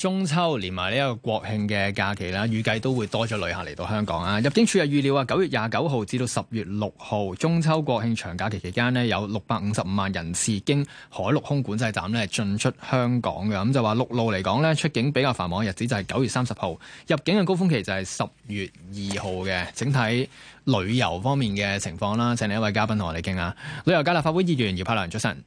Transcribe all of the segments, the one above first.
中秋連埋呢一個國慶嘅假期啦，預計都會多咗旅客嚟到香港啊！入境處又預料啊，九月廿九號至到十月六號中秋國慶長假期期間呢，有六百五十五萬人次經海陸空管制站呢進出香港嘅。咁就話陸路嚟講呢，出境比較繁忙嘅日子就係九月三十號，入境嘅高峰期就係十月二號嘅。整體旅遊方面嘅情況啦，請另一位嘉賓同我哋傾下。旅遊界立法會議員姚柏良早晨。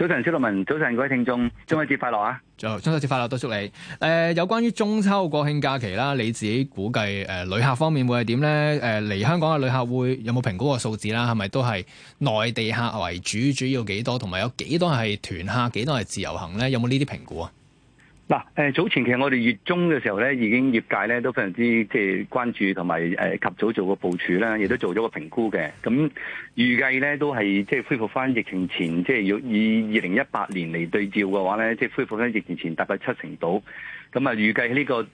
早晨，蕭樂文。早晨，各位聽眾、啊，中秋節快樂啊！仲中秋節快樂，多祝你。誒、呃，有關於中秋國慶假期啦，你自己估計誒、呃呃，旅客方面會係點咧？誒、呃，嚟香港嘅旅客會有冇評估個數字啦？係咪都係內地客為主，主要幾多？同埋有幾多係團客，幾多係自由行咧？有冇呢啲評估啊？嗱，誒早前其實我哋月中嘅時候咧，已經業界咧都非常之即係關注同埋誒及早做個部署啦，亦都做咗個評估嘅。咁預計咧都係即係恢復翻疫情前，即係要以二零一八年嚟對照嘅話咧，即係恢復翻疫情前大概七成度。咁啊預計呢個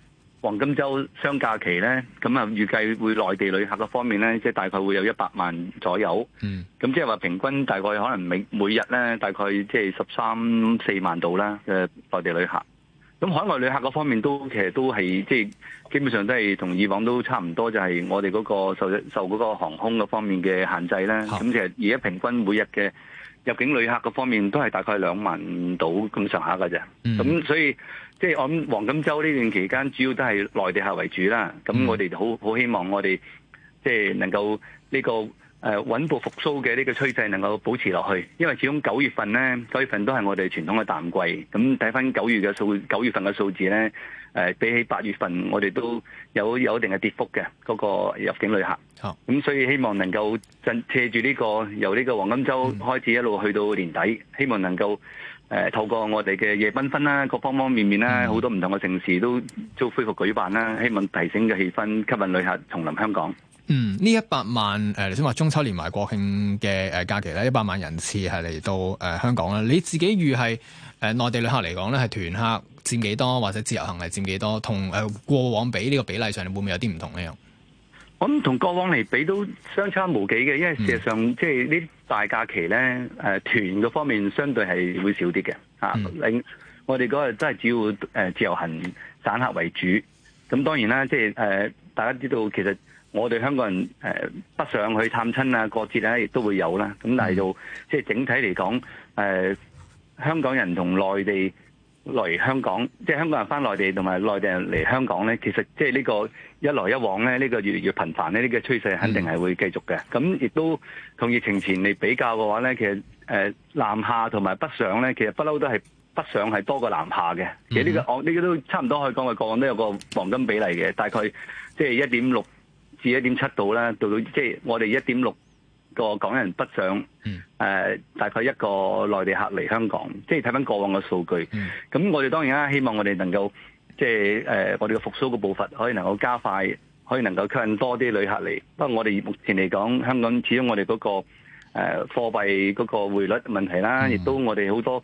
黃金週雙假期咧，咁啊預計會內地旅客嘅方面咧，即係大概會有一百萬左右。嗯。咁即係話平均大概可能每每日咧，大概即係十三四萬度啦嘅內地旅客。海外旅客嗰方面都其實都係即係基本上都係同以往都差唔多，就係我哋嗰個受受嗰個航空嗰方面嘅限制啦。咁其實而家平均每日嘅入境旅客嗰方面都係大概兩萬到咁上下嘅啫。咁所以即係我諗黃金周呢段期間主要都係內地客為主啦。咁我哋好好希望我哋即係能夠呢個。誒、啊、穩步復甦嘅呢個趨勢能夠保持落去，因為始終九月份呢，九月份都係我哋傳統嘅淡季。咁睇返九月嘅數，九月份嘅數字呢，誒、呃、比起八月份，我哋都有有一定嘅跌幅嘅嗰、那個入境旅客。咁、oh. 嗯，所以希望能夠借借住呢個由呢個黃金周開始一路去到年底，mm. 希望能夠誒、呃、透過我哋嘅夜繽紛啦，各方方面面啦，好、mm. 多唔同嘅城市都都恢復舉辦啦，希望提醒嘅氣氛吸引旅客重臨香港。嗯，呢一百萬，你想話中秋連埋國慶嘅誒假期咧，一、呃、百萬人次係嚟到、呃、香港啦。你自己預係誒內地旅客嚟講咧，係團客佔幾多，或者自由行係佔幾多？同誒、呃、過往比呢個比例上會唔會有啲唔同呢？咁同過往嚟比都相差無幾嘅，因為事實上、嗯、即係呢大假期咧，團嘅方面相對係會少啲嘅。另我哋嗰日真係主要、呃、自由行散客為主。咁當然啦，即係、呃、大家知道其實。我哋香港人誒、呃、北上去探親啊，過節啊，亦都會有啦、啊。咁但係就即係整體嚟講，誒、呃、香港人同內地嚟香港，即係香港人返內地同埋內地人嚟香港咧，其實即係呢個一來一往咧，呢、這個越嚟越頻繁咧，呢、這個趨勢肯定係會繼續嘅。咁、mm、亦 -hmm. 都同疫情前嚟比較嘅話咧，其實誒、呃、南下同埋北上咧，其實不嬲都係北上係多過南下嘅。其實呢、這個、mm -hmm. 我呢、這個都差唔多可以講係個案都有個黃金比例嘅，大概即係一點六。就是至一點七度啦，到到即係我哋一點六個港人北上，嗯，誒大概一個內地客嚟香港，即係睇翻過往嘅數據。咁我哋當然啦，希望我哋能夠即係誒我哋嘅復甦嘅步伐可以能夠加快，可以能夠吸引多啲旅客嚟。不過我哋目前嚟講，香港始終我哋嗰個誒貨幣嗰個匯率問題啦，亦都我哋好多。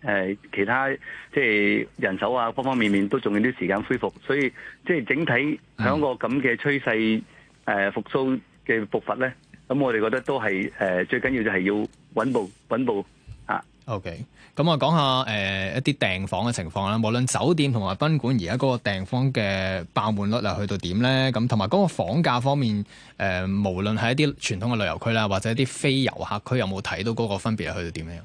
誒、呃、其他即係人手啊，方方面面都仲要啲時間恢復，所以即係整體喺個咁嘅趨勢誒、呃、復甦嘅步伐咧，咁、嗯、我哋覺得都係誒、呃、最緊要就係要穩步穩步啊。OK，咁我講下誒、呃、一啲訂房嘅情況啦。無論酒店同埋賓館，而家嗰個訂房嘅爆滿率啊，去到點咧？咁同埋嗰個房價方面，誒、呃、無論係一啲傳統嘅旅遊區啦，或者一啲非遊客區，有冇睇到嗰個分別係去到點樣？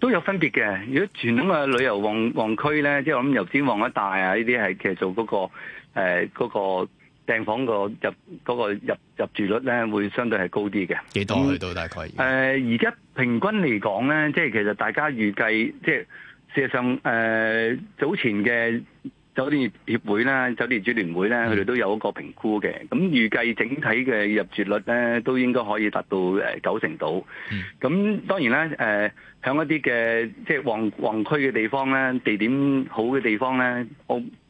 都有分別嘅。如果傳統嘅旅遊旺旺區咧，即係我諗油尖旺一帶啊，呢啲係其實做嗰、那個誒嗰、呃那個訂房入、那個入嗰個入入住率咧，會相對係高啲嘅。幾多去到大概？誒而家平均嚟講咧，即係其實大家預計即係事實上誒、呃、早前嘅。酒店業協會啦，酒店主聯會咧，佢哋都有一個評估嘅，咁預計整體嘅入住率咧都應該可以達到九成度。咁、嗯、當然咧，誒、呃、響一啲嘅即係旺旺區嘅地方咧，地點好嘅地方咧，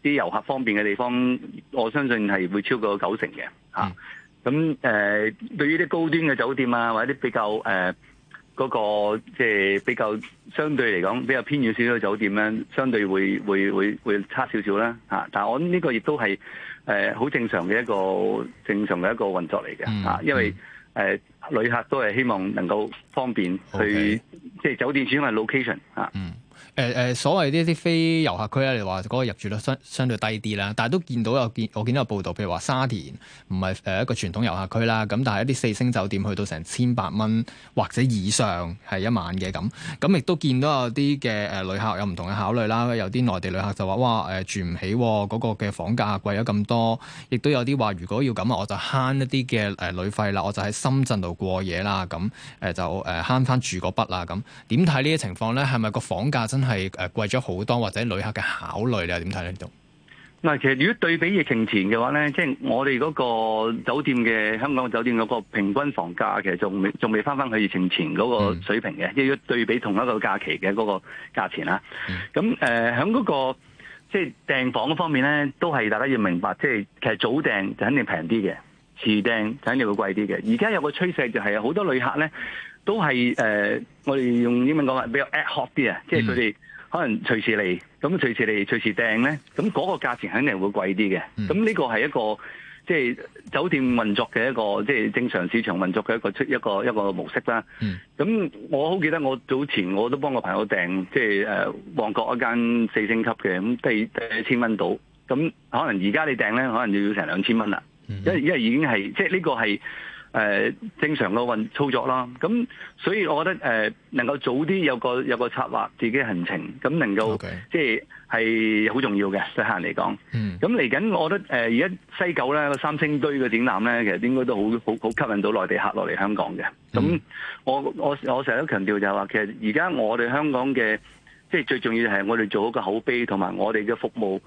啲遊客方便嘅地方，我相信係會超過九成嘅。咁誒對於啲高端嘅酒店啊，或者啲比較誒，呃嗰、那個即係、就是、比較相對嚟講比較偏遠少少嘅酒店咧，相對會會會會差少少啦嚇。但係我諗呢個亦都係誒好正常嘅一個正常嘅一個運作嚟嘅嚇，因為誒、嗯呃、旅客都係希望能夠方便去、okay. 即係酒店始終係 location 嚇、啊。嗯誒、呃、誒，所謂呢啲非遊客區咧，你話嗰個入住率相相對低啲啦，但係都見到有見，我見到有報道，譬如話沙田唔係誒一個傳統遊客區啦，咁但係一啲四星酒店去到成千八蚊或者以上係一晚嘅咁，咁亦都見到有啲嘅誒旅客有唔同嘅考慮啦，有啲內地旅客就話哇誒、呃、住唔起，嗰、那個嘅房價貴咗咁多，亦都有啲話如果要咁啊，我就慳一啲嘅誒旅費啦，我就喺深圳度過夜啦，咁誒、呃、就誒慳翻住嗰筆啦咁。點睇呢啲情況咧？係咪個房價真係？係誒貴咗好多，或者旅客嘅考慮你又點睇？呢度嗱，其實如果對比疫情前嘅話咧，即、就、係、是、我哋嗰個酒店嘅香港酒店嗰個平均房價，其實仲未仲未翻翻去疫情前嗰個水平嘅，即係要對比同一個假期嘅嗰個價錢啦。咁、嗯、誒，響、呃、嗰、那個即係訂房嗰方面咧，都係大家要明白，即、就、係、是、其實早訂就肯定平啲嘅，遲訂就肯定會貴啲嘅。而家有個趨勢就係好多旅客咧，都係誒、呃，我哋用英文講話比較 ad hoc 啲啊，即係佢哋可能隨時嚟，咁隨時嚟，隨時訂咧，咁嗰個價錢肯定會貴啲嘅。咁、嗯、呢個係一個即係、就是、酒店運作嘅一個即係、就是、正常市場運作嘅一個出一個一個，一個模式啦。咁、嗯、我好記得我早前我都幫個朋友訂即係誒旺角一間四星級嘅，咁得得一千蚊到。咁可能而家你訂咧，可能要成兩千蚊啦。因、嗯、為因為已經係即係呢個係。誒、呃、正常嘅運操作啦，咁所以我覺得誒、呃、能夠早啲有個有個策劃自己行程，咁能夠、Okay. 即係係好重要嘅對客人嚟講。咁嚟緊，我覺得誒而家西九咧個三星堆嘅展覽咧，其實應該都好好好吸引到內地客落嚟香港嘅。咁、嗯、我我我成日都強調就係話，其實而家我哋香港嘅即係最重要係我哋做好個口碑同埋我哋嘅服務，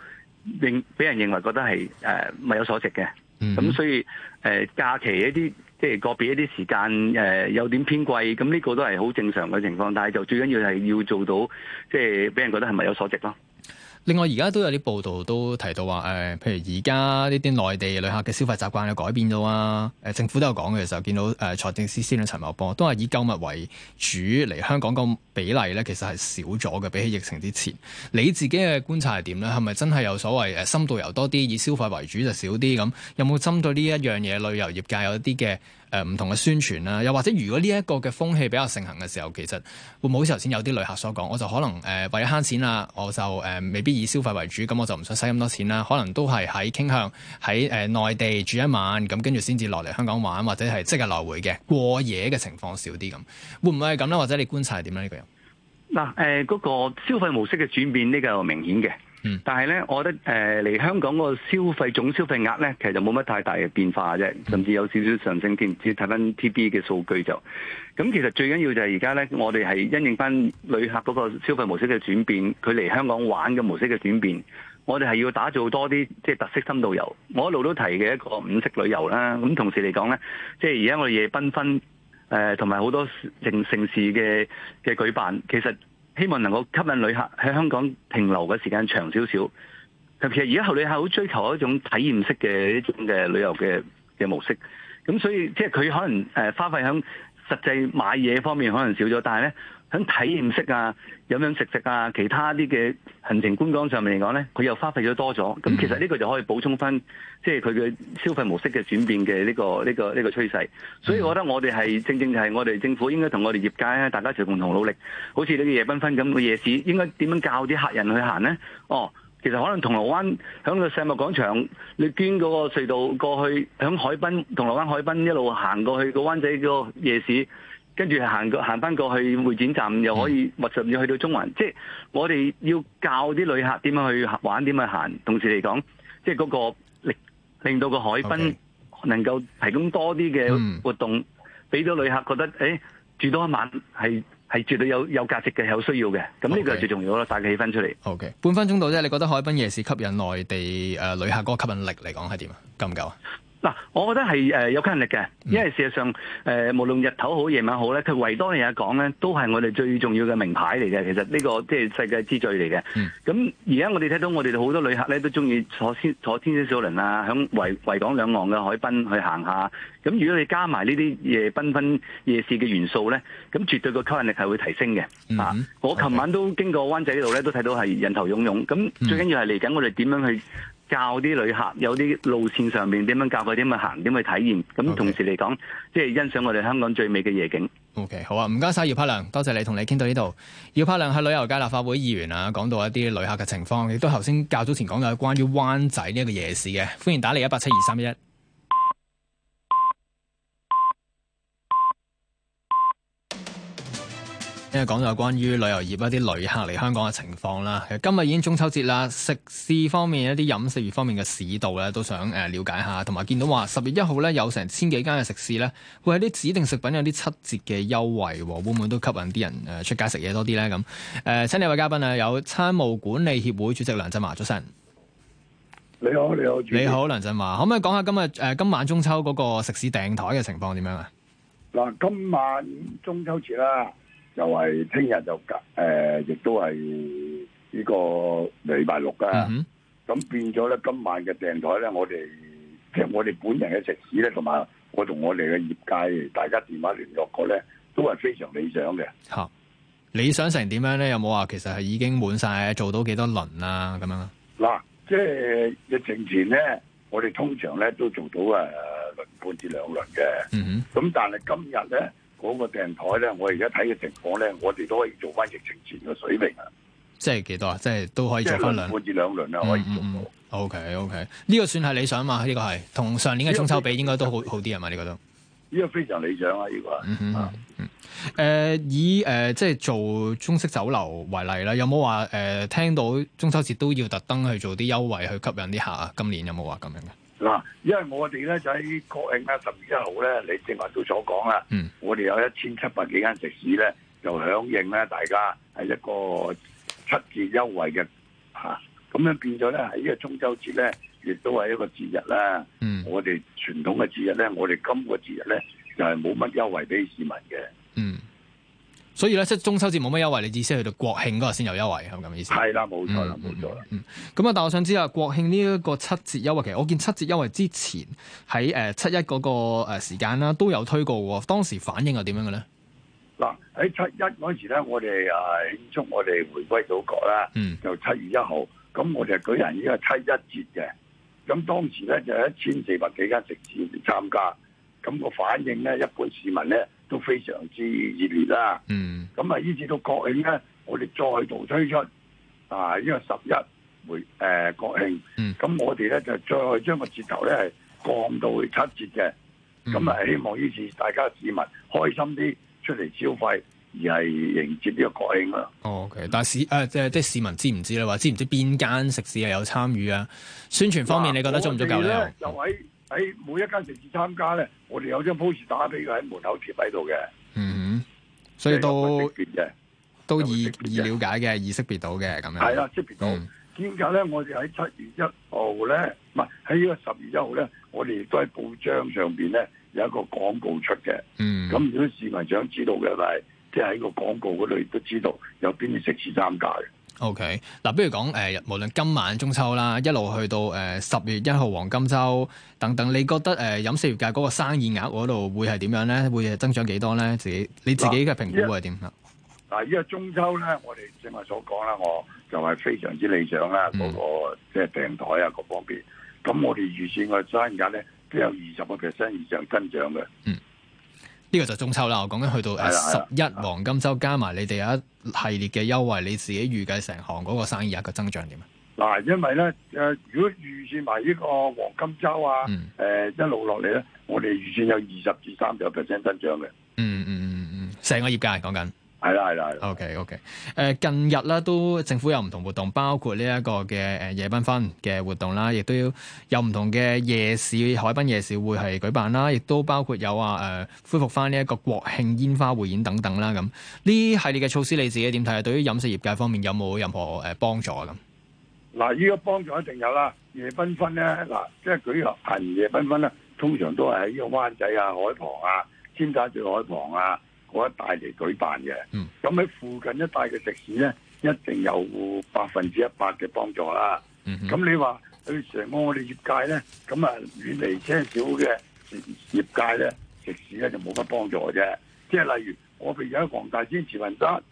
令俾人認為覺得係誒物有所值嘅。咁、嗯、所以誒、呃、假期一啲。即係個別一啲時間誒有點偏貴，咁呢個都係好正常嘅情況。但係就最緊要係要做到，即係俾人覺得係物有所值囉。另外，而家都有啲報道都提到話，誒、呃，譬如而家呢啲內地旅客嘅消費習慣有改變咗啊！政府都有講嘅時候，見到誒財、呃、政司司長陳茂波都話以購物為主嚟香港個比例咧，其實係少咗嘅，比起疫情之前。你自己嘅觀察係點咧？係咪真係有所謂、呃、深度遊多啲，以消費為主就少啲咁？有冇針對呢一樣嘢旅遊業界有啲嘅？誒、呃、唔同嘅宣傳啦，又或者如果呢一個嘅風氣比較盛行嘅時候，其實會唔會好似頭先有啲旅客所講，我就可能誒、呃、為咗慳錢啦，我就誒、呃、未必以消費為主，咁我就唔想使咁多錢啦，可能都係喺傾向喺誒、呃、內地住一晚，咁跟住先至落嚟香港玩，或者係即日來回嘅過夜嘅情況少啲咁，會唔會係咁咧？或者你觀察係點樣？呢個嗱誒嗰個消費模式嘅轉變呢個明顯嘅。嗯、但係咧，我覺得誒嚟、呃、香港個消費總消費額咧，其實就冇乜太大嘅變化啫，甚至有少少上升，添。唔見？睇翻 T B 嘅數據就，咁其實最緊要就係而家咧，我哋係因應翻旅客嗰個消費模式嘅轉變，佢嚟香港玩嘅模式嘅轉變，我哋係要打造多啲即係特色深度遊。我一路都提嘅一個五色旅遊啦，咁同時嚟講咧，即係而家我哋夜夜繽紛，誒同埋好多城城市嘅嘅舉辦，其實。希望能夠吸引旅客喺香港停留嘅時間長少少。其實而家後旅客好追求一種體驗式嘅一種嘅旅遊嘅嘅模式，咁所以即係佢可能誒花費響實際買嘢方面可能少咗，但係咧。喺體驗式啊，飲飲食食啊，其他啲嘅行程觀光上面嚟講咧，佢又花費咗多咗。咁其實呢個就可以補充翻，即係佢嘅消費模式嘅轉變嘅呢個呢個呢個趨勢。所以我覺得我哋係正正就係我哋政府應該同我哋業界啊，大家一齊共同努力。好似呢個夜繽紛咁嘅夜市，應該點樣教啲客人去行咧？哦，其實可能銅鑼灣響個世貿廣場，你捐嗰個隧道過去，響海濱銅鑼灣海濱一路行過去個灣仔個夜市。跟住行個行翻過去會展站又可以密切、嗯、要去到中環，即係我哋要教啲旅客點樣去玩，點樣去行。同時嚟講，即係嗰個令令到個海濱能夠提供多啲嘅活動，俾、嗯、到旅客覺得誒住多一晚係係絕對有有價值嘅，有需要嘅。咁、嗯、呢、這個係最重要咯，帶個氣氛出嚟。O、okay, K，半分鐘到啫。你覺得海濱夜市吸引內地誒旅、呃、客嗰個吸引力嚟講係點啊？夠唔夠啊？嗱，我覺得係誒有吸引力嘅，因為事實上誒，無論日頭好夜晚好咧，佢維多利亞港咧都係我哋最重要嘅名牌嚟嘅。其實呢個即係世界之最嚟嘅。咁而家我哋睇到我哋好多旅客咧都中意坐，坐天坐天星小輪啊，響維維港兩岸嘅海濱去行下。咁如果你加埋呢啲夜繽紛夜市嘅元素咧，咁絕對個吸引力係會提升嘅。啊、嗯嗯，我琴晚都經過灣仔呢度咧，都睇到係人頭湧湧。咁最緊要係嚟緊我哋點樣去。教啲旅客有啲路線上面點樣教佢點去行點去體驗，咁同時嚟講，即、okay. 係欣賞我哋香港最美嘅夜景。OK，好啊，唔該晒。姚柏良，多謝你同你傾到呢度。姚柏良係旅遊界立法會議員啊，講到一啲旅客嘅情況，亦都頭先較早前講到係關於灣仔呢一個夜市嘅，歡迎打嚟一八七二三一。因為講咗關於旅遊業一啲旅客嚟香港嘅情況啦，今日已經中秋節啦。食肆方面一啲飲食業方面嘅市道咧，都想誒了解下，同埋見到話十月一號咧有成千幾間嘅食肆咧，會喺啲指定食品有啲七折嘅優惠，會唔會都吸引啲人誒出街食嘢多啲咧？咁誒、呃，請呢位嘉賓啊，有餐務管理協會主席梁振華，早晨。你好，你好，你好，梁振華，可唔可以講下今日誒今晚中秋嗰個食肆訂台嘅情況點樣啊？嗱、呃，今晚中秋節啦。又係聽日就誒、是，亦、呃、都係呢個禮拜六啊。咁、嗯、變咗咧，今晚嘅訂台咧，我哋其實我哋本人嘅食肆咧，同埋我同我哋嘅業界大家電話聯絡過咧，都係非常理想嘅。吓、啊，理想成點樣咧？有冇話其實係已經滿晒，做到幾多輪啊？咁樣嗱，即係疫情前咧，我哋通常咧都做到誒、啊、輪半至兩輪嘅。嗯哼，咁但係今日咧。嗰個訂台咧，我而家睇嘅情況咧，我哋都可以做翻疫情前嘅水平啊！即係幾多啊？即係都可以做翻兩半至兩輪啦，可以做到。OK OK，呢個算係理想嘛？呢個係同上年嘅中秋比，應該都好好啲啊嘛？你覺得？呢個非常理想啊！如果嗯，嗯，嗯以誒、呃、即係做中式酒樓為例啦，有冇話誒聽到中秋節都要特登去做啲優惠去吸引啲客啊？今年有冇話咁樣嘅？嗱，因為我哋咧就喺國慶咧十月一號咧，你正華正話都所講啦，我哋有一千七百幾間食肆咧，就響應咧，大家係一個七折優惠嘅吓，咁樣變咗咧，喺呢個中秋節咧，亦都係一個節日啦。嗯，我們傳，我哋傳統嘅節日咧，我哋今個節日咧，就係冇乜優惠俾市民嘅。嗯。所以咧，即係中秋節冇乜優惠，你意思去到國慶嗰日先有優惠，係咪咁意思？係啦，冇錯啦，冇錯啦。嗯，咁啊、嗯嗯嗯，但我想知啊，國慶呢一個七折優惠，其實我見七折優惠之前喺誒七一嗰個誒時間啦，都有推過，當時反應係點樣嘅咧？嗱，喺七一嗰時咧，我哋啊慶祝我哋回歸祖國啦、嗯，就七月一號，咁我哋舉行呢個七一節嘅，咁當時咧就一千四百幾間食肆參加，咁、個反應咧，一般市民咧。都非常之熱烈啦，咁、嗯、啊，依呢至到國慶咧，我哋再度推出啊，因為十一回誒國慶，咁、嗯、我哋咧就再將個折頭咧係降到去七折嘅，咁、嗯、啊希望呢次大家市民開心啲出嚟消費，而係迎接呢個國慶啊。哦、o、okay, k 但係市誒、呃、即係即係市民知唔知咧？話知唔知邊間食肆係有參與啊？宣傳方面你覺得足唔足夠咧？我喺每一間食肆參加咧，我哋有張 post 打俾佢喺門口貼喺度嘅。嗯哼，所以都都易易了解嘅，易識別到嘅，咁樣。係啊，識別到。兼、嗯、且咧，我哋喺七月一號咧，唔係喺呢個十月一號咧，我哋亦都喺報章上邊咧有一個廣告出嘅。嗯，咁如果市民想知道嘅，就係即係喺個廣告嗰度亦都知道有邊啲食肆參加嘅。OK，嗱，不如講誒，無論今晚中秋啦，一路去到誒十月一號黃金周等等，你覺得誒飲食業界嗰個生意額嗰度會係點樣咧？會係增長幾多咧？自己你自己嘅評估會係點啊？嗱，依家中秋咧，我哋正話所講啦，我就係非常之理想啦，嗰個即係訂台啊，各方面，咁我哋預算個生意額咧都有二十個 percent 以上增長嘅。呢個就中秋啦，我講緊去到十一黃金周加埋你哋一系列嘅優惠，你自己預計成行嗰個生意一個增長點啊？嗱，因為咧誒，如果預算埋呢個黃金周啊，誒一路落嚟咧，我哋預算有二十至三十 percent 增長嘅。嗯嗯嗯嗯，成個業界講緊。係啦，係啦，係啦。OK，OK、okay, okay. uh,。誒，近日咧都政府有唔同活動，包括呢一個嘅誒夜繽紛嘅活動啦，亦都有唔同嘅夜市海濱夜市會係舉辦啦，亦都包括有啊誒、呃、恢復翻呢一個國慶煙花匯演等等啦。咁呢系列嘅措施，你自己點睇啊？對於飲食業界方面有冇任何誒幫助咁？嗱，呢個幫助一定有啦。夜繽紛咧，嗱，即係舉行夜繽紛咧，通常都係喺呢個灣仔啊、海旁啊、尖沙咀海旁啊。我一帶嚟舉辦嘅，咁喺附近一帶嘅食肆咧，一定有百分之一百嘅幫助啦。咁、mm -hmm. 你話去成個，我哋業界咧，咁啊遠離些少嘅業界咧，食肆咧就冇乜幫助嘅啫。即係例如我哋而家黃大仙慈雲山，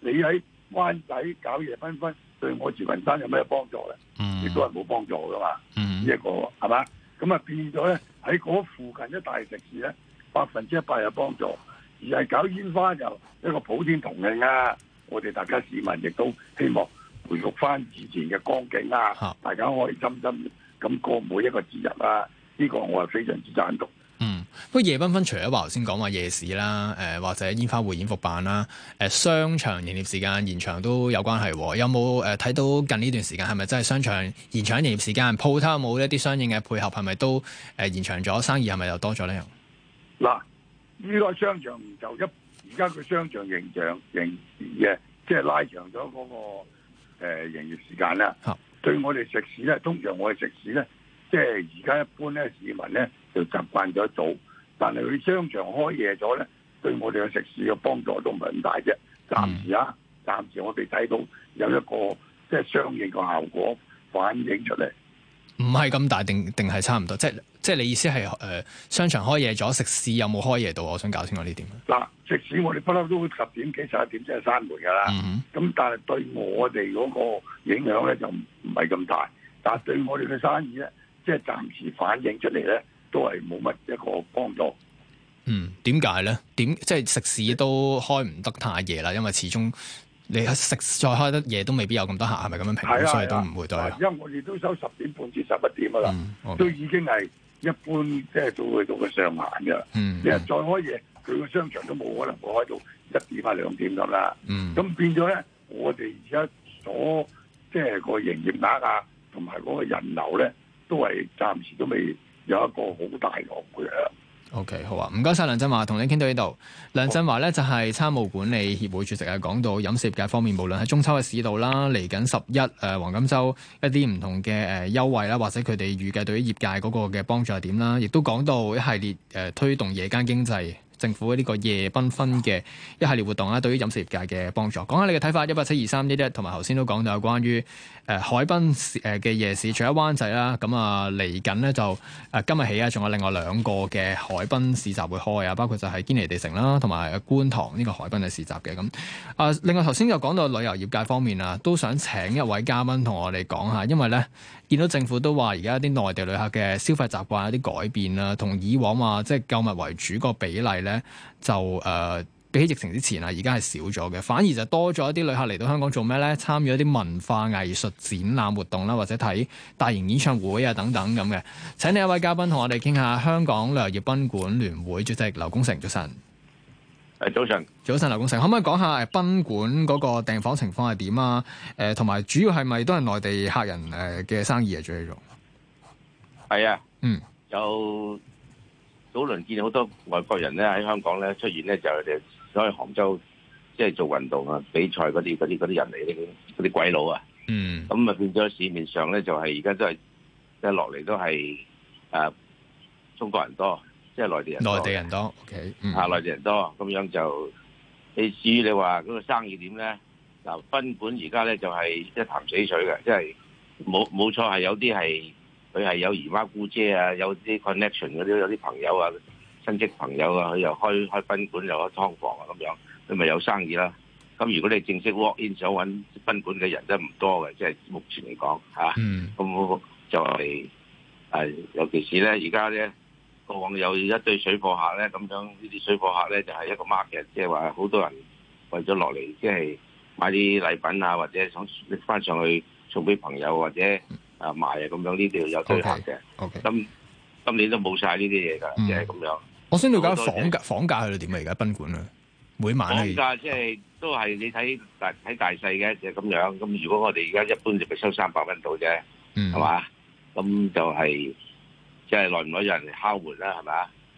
你喺灣仔搞夜繽紛，對我慈雲山有咩幫助咧？亦、mm -hmm. 都係冇幫助噶嘛。嗯、mm -hmm. 這個，那呢一個係嘛？咁啊變咗咧，喺嗰附近一帶食肆咧，百分之一百有幫助。而係搞煙花就一個普天同慶啊！我哋大家市民亦都希望回復返以前嘅光景啊！大家可以開開心心咁過每一個節日啦，呢、這個我係非常之贊同。嗯，不過夜繽紛除咗話頭先講話夜市啦，誒、呃、或者煙花匯演復辦啦，誒、呃、商場營業時間延長都有關係喎。有冇誒睇到近呢段時間係咪真係商場延長營業時間？鋪頭有冇一啲相應嘅配合？係咪都誒、呃、延長咗生意？係咪又多咗呢？嗱、啊。呢個商場就一而家個商場形象營業嘅，即係拉長咗嗰、那個誒、呃、營業時間啦。對我哋食肆，咧，通常我哋食肆咧，即係而家一般咧市民咧就習慣咗早，但係佢商場開夜咗咧，對我哋嘅食肆嘅幫助都唔係咁大啫。暫時啊，暫時我哋睇到有一個即係相應嘅效果反映出嚟。唔係咁大定定係差唔多，即係即係你意思係誒、呃、商場開夜咗，食肆有冇開夜到？我想搞清楚呢點。嗱，食肆我哋不嬲都十點幾十一點即係閂門㗎啦。咁、嗯、但係對我哋嗰個影響咧就唔係咁大，但係對我哋嘅生意咧，即係暫時反映出嚟咧，都係冇乜一個幫助。嗯，點解咧？點即係食肆都開唔得太夜啦，因為始終。你食再開得夜都未必有咁多客，係咪咁樣評？所以都唔會對。因為我哋都收十點半至十一點噶啦，都、嗯 okay. 已經係一般，即係做去到嘅上限噶啦。即、嗯、係再開夜，佢個商場都冇可能開到一點呀兩點咁啦。咁、嗯、變咗咧，我哋而家所即係、就是、個營業額啊，同埋嗰個人流咧，都係暫時都未有一個好大浪嘅。OK，好啊，唔該晒，梁振華，同你傾到呢度。梁振華咧就係、是、餐務管理協會主席啊，講到飲食業界方面，無論喺中秋嘅市道啦，嚟緊十一誒黃金週一啲唔同嘅誒、呃、優惠啦，或者佢哋預計對於業界嗰個嘅幫助係點啦，亦都講到一系列、呃、推動夜間經濟政府呢個夜繽紛嘅一系列活動啦，對於飲食業界嘅幫助。講下你嘅睇法，一八七二三一一，同埋頭先都講到有關於。誒海濱誒嘅夜市，除咗灣仔啦，咁啊嚟緊咧就誒今日起啊，仲有另外兩個嘅海濱市集會開啊，包括就係堅尼地城啦，同埋觀塘呢個海濱嘅市集嘅咁。啊，另外頭先就講到旅遊業界方面啊，都想請一位嘉賓同我哋講下，因為咧見到政府都話而家啲內地旅客嘅消費習慣有啲改變啦，同以往話，即係購物為主個比例咧就誒。呃比起疫情之前啊，而家係少咗嘅，反而就多咗一啲旅客嚟到香港做咩咧？參與一啲文化藝術展覽活動啦，或者睇大型演唱會啊等等咁嘅。請你一位嘉賓同我哋傾下，香港旅遊業賓館聯會主席劉功成，早晨。誒，早晨，早晨，劉功成，可唔可以講下誒賓館嗰個訂房情況係點啊？誒，同埋主要係咪都係內地客人誒嘅生意係最喺度？係啊，嗯，有早輪見好多外國人咧喺香港咧出現咧，就係。所以杭州即係做運動啊、比賽嗰啲嗰啲啲人嚟咧，嗰啲鬼佬啊，咁、嗯、啊變咗市面上咧就係而家都係即係落嚟都係啊中國人多，即係內地人內地人多，OK 啊內地人多，咁、okay，嗯啊、樣就你至於你話嗰、嗰個生意點咧，嗱賓館而家咧就係、即係、一潭死水嘅，即係冇冇錯係有啲係佢係有姨媽姑姐啊，有啲 connection 嗰啲，有啲朋友啊。親戚朋友啊，佢又開開賓館又開劏房啊咁樣，佢咪有生意啦。咁如果你正式 walk in 想揾賓館嘅人真係唔多嘅，即係目前嚟講吓。咁、啊、就係、是、誒、啊，尤其是咧而家咧，過往有一堆水貨客咧，咁樣呢啲水貨客咧就係、是、一個 market，即係話好多人為咗落嚟，即、就、係、是、買啲禮品啊，或者想拎翻上去送俾朋友或者啊賣啊咁樣，呢啲有堆客嘅。今、okay, okay. 今年都冇晒呢啲嘢㗎，就係、是、咁樣。我先了解房價，房價係度點啊？而家賓館啊，每晚啊，房價即係都係你睇大睇大細嘅，就咁樣。咁如果我哋而家一般就咪收三百蚊到啫，係嘛？咁就係即係耐唔耐有人敲門啦，係嘛？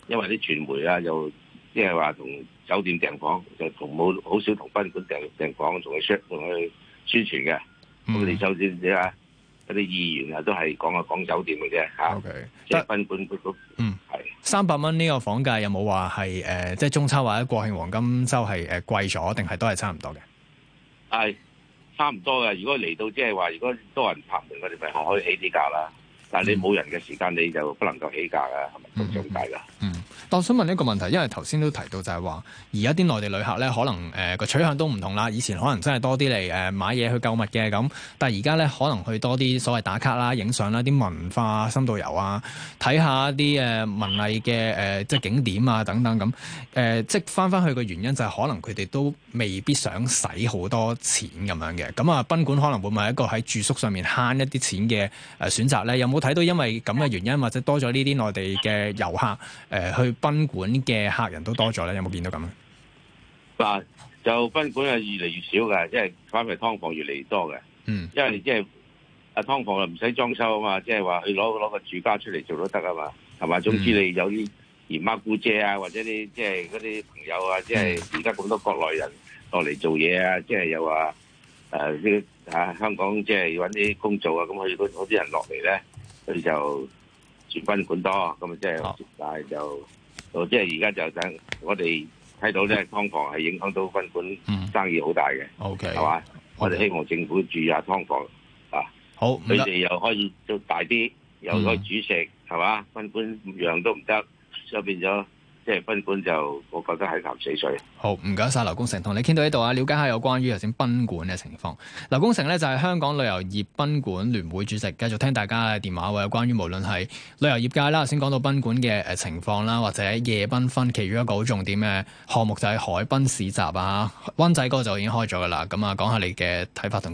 因為啲傳媒啊，又即係話同酒店訂房，就同冇好少同賓館訂訂房，仲去宣同佢宣傳嘅。咁你就算點啊？嗰啲議員啊，都係講啊，講酒店嘅啫嚇，一分半半，嗯，係三百蚊呢個房價，有冇話係誒，即、呃、係、就是、中秋或者國慶黃金周係誒貴咗定係都係差唔多嘅？係、哎、差唔多嘅。如果嚟到即係話，如果多人拍門，我哋咪可以起啲價啦。但係你冇人嘅時間，你就不能夠起價啊，係咪咁樣計啦？嗯。是我想問呢個問題，因為頭先都提到就係話，而家啲內地旅客咧，可能誒個、呃、取向都唔同啦。以前可能真係多啲嚟誒買嘢去購物嘅咁，但係而家咧可能去多啲所謂打卡啦、影相啦、啲文化、啊、深度遊啊，睇下啲誒、呃、文藝嘅誒、呃、即係景點啊等等咁。誒、呃、即係翻翻去嘅原因就係可能佢哋都未必想使好多錢咁樣嘅。咁、呃、啊，賓館可能會唔係一個喺住宿上面慳一啲錢嘅誒、呃、選擇咧？有冇睇到因為咁嘅原因或者多咗呢啲內地嘅遊客誒、呃、去？賓館嘅客人都多咗咧，有冇見到咁啊？嗱，就賓館係越嚟越少嘅，即係反為湯房越嚟越多嘅。嗯，因為即係、就是、啊湯房又唔使裝修啊嘛，即係話去攞攞個住家出嚟做都得啊嘛，係嘛、嗯？總之你有啲姨媽姑姐啊，或者啲即係嗰啲朋友啊，即係而家咁多國內人落嚟做嘢啊，即、嗯、係、就是、又話誒啲啊香港即係揾啲工做啊，咁佢嗰啲人落嚟咧，佢就住賓館多，咁即係但係就。即係而家就想，我哋睇到咧，倉房係影響到賓館生意好大嘅，係、嗯、嘛？Okay, okay. 我哋希望政府注意下倉房啊，好，佢哋又可以做大啲，又可以煮食，係、嗯、嘛？賓館唔讓都唔得，所以變咗。即係賓館就，我覺得係臨死水。好，唔該晒，劉功成，同你傾到呢度啊，了解下有關於頭先賓館嘅情況。劉功成咧就係香港旅遊業賓館聯會主席，繼續聽大家嘅電話，或有關於無論係旅遊業界啦，頭先講到賓館嘅誒情況啦，或者夜繽紛，其中一個好重點嘅項目就係海濱市集啊，灣仔嗰個就已經開咗㗎喇。咁啊，講下你嘅睇法同。